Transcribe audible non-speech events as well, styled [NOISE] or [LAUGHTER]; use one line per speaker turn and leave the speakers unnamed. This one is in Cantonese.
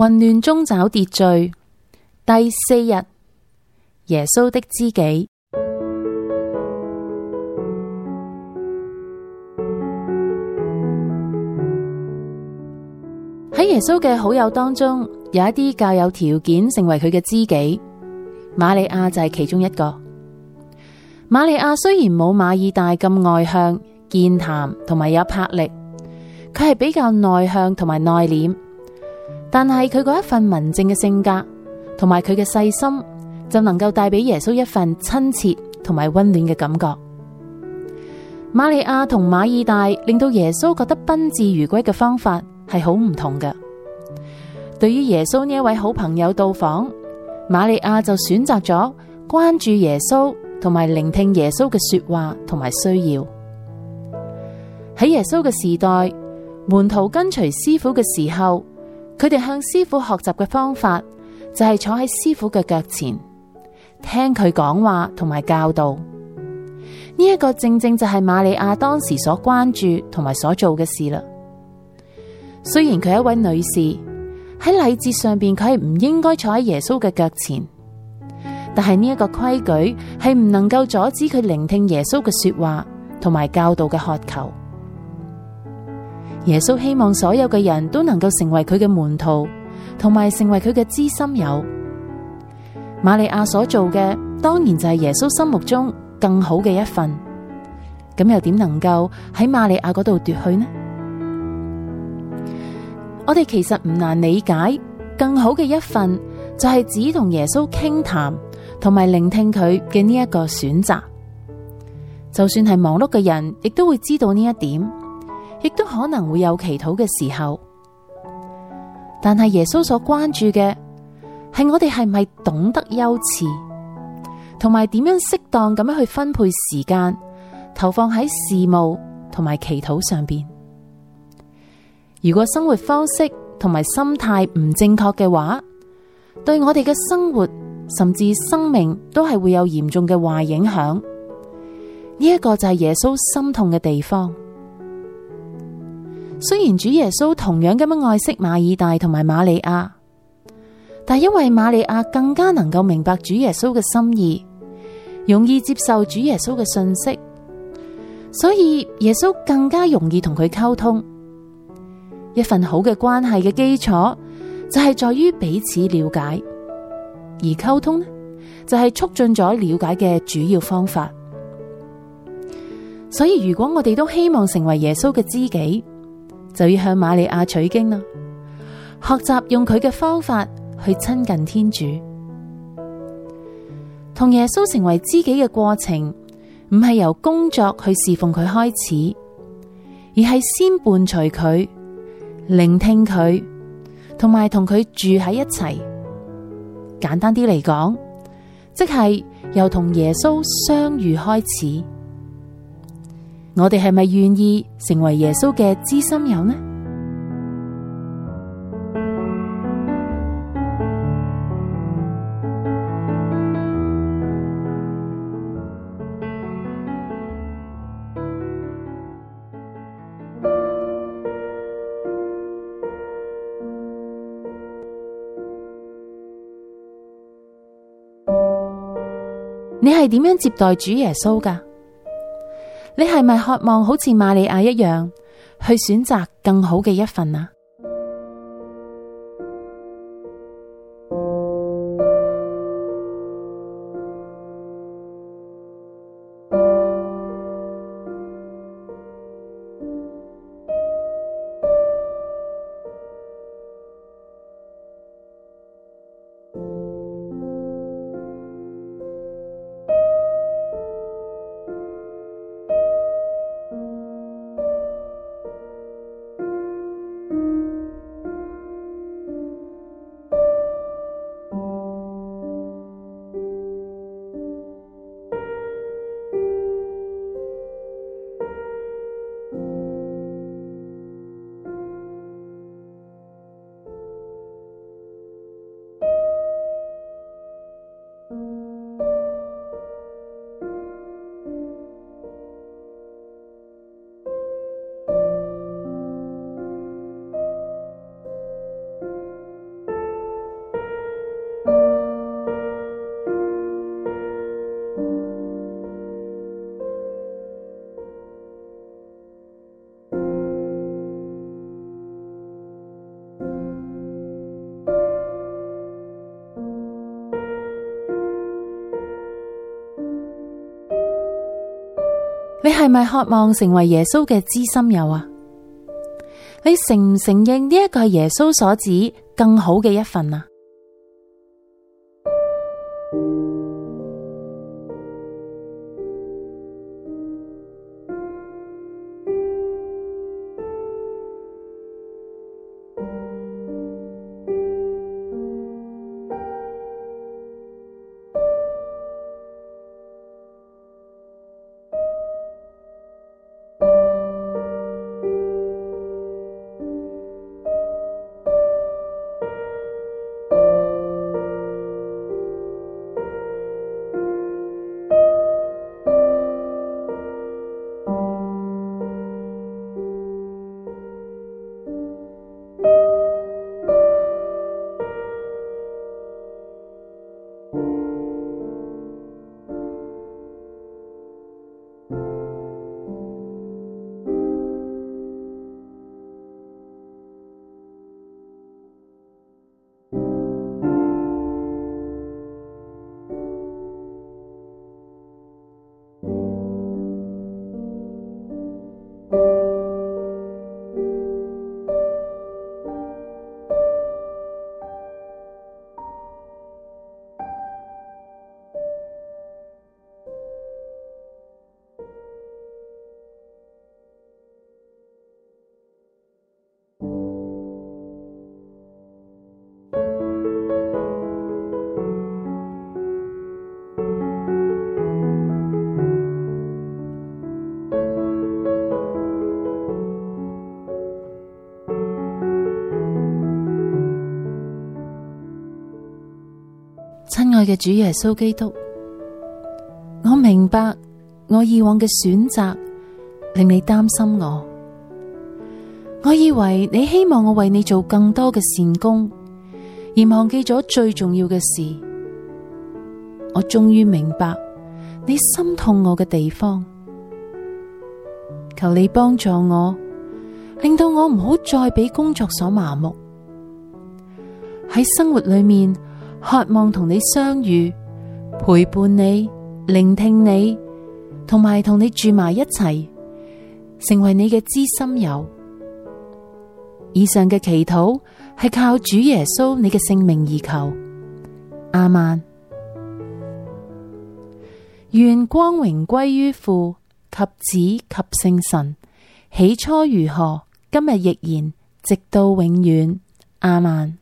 混亂中找秩序。第四日，耶穌的知己。喺 [MUSIC] 耶穌嘅好友當中，有一啲較有條件成為佢嘅知己。瑪利亞就係其中一個。瑪利亞雖然冇馬爾大咁外向、健談同埋有魄力，佢係比較內向同埋內斂。但係佢嗰一份文靜嘅性格，同埋佢嘅細心就能夠帶俾耶穌一份親切同埋溫暖嘅感覺。瑪利亞同馬爾大令到耶穌覺得賓至如歸嘅方法係好唔同嘅。對於耶穌呢一位好朋友到訪，瑪利亞就選擇咗關注耶穌同埋聆聽耶穌嘅說話同埋需要。喺耶穌嘅時代，門徒跟隨師傅嘅時候，佢哋向師傅學習嘅方法就係、是、坐喺師傅嘅腳前，聽佢講話同埋教導。呢、這、一個正正就係瑪利亞當時所關注同埋所做嘅事啦。雖然佢係一位女士，喺禮節上邊佢係唔應該坐喺耶穌嘅腳前，但係呢一個規矩係唔能夠阻止佢聆聽耶穌嘅說話同埋教導嘅渴求。耶穌希望所有嘅人都能夠成為佢嘅門徒，同埋成為佢嘅知心友。瑪利亞所做嘅，當然就係耶穌心目中更好嘅一份。咁又點能夠喺瑪利亞嗰度奪去呢？我哋其實唔難理解，更好嘅一份就係指同耶穌傾談，談，同埋聆聽佢嘅呢一個選擇。就算係忙碌嘅人，亦都會知道呢一點。亦都可能會有祈禱嘅時候，但係耶穌所關注嘅，係我哋係咪懂得優次，同埋點樣適當咁樣去分配時間，投放喺事務同埋祈禱上邊。如果生活方式同埋心態唔正確嘅話，對我哋嘅生活甚至生命都係會有嚴重嘅壞影響。呢一個就係耶穌心痛嘅地方。雖然主耶穌同樣咁樣愛惜馬爾大同埋瑪利亞，但因為瑪利亞更加能夠明白主耶穌嘅心意，容易接受主耶穌嘅信息，所以耶穌更加容易同佢溝通。一份好嘅關係嘅基礎就係在於彼此了解，而溝通呢就係促進咗了解嘅主要方法。所以如果我哋都希望成為耶穌嘅知己。就要向瑪利亞取經啦，學習用佢嘅方法去親近天主，同耶穌成為知己嘅過程，唔係由工作去侍奉佢開始，而係先伴隨佢，聆聽佢，同埋同佢住喺一齊。簡單啲嚟講，即係由同耶穌相遇開始。我哋係咪願意成為耶穌嘅知心友呢？你係點樣接待主耶穌噶？你係咪渴望好似瑪利亞一樣，去選擇更好嘅一份啊？你係咪渴望成為耶穌嘅知心友啊？你承唔承認呢一個係耶穌所指更好嘅一份啊？親愛嘅主耶穌基督，我明白我以往嘅選擇令你擔心我。我以為你希望我為你做更多嘅善工，而忘記咗最重要嘅事。我終於明白你心痛我嘅地方。求你幫助我，令到我唔好再俾工作所麻木喺生活裏面。渴望同你相遇，陪伴你，聆聽你，同埋同你住埋一齊，成為你嘅知心友。以上嘅祈禱係靠主耶穌你嘅聖名而求。亞孟，願光榮歸於父及子及聖神，起初如何，今日亦然，直到永遠。亞孟。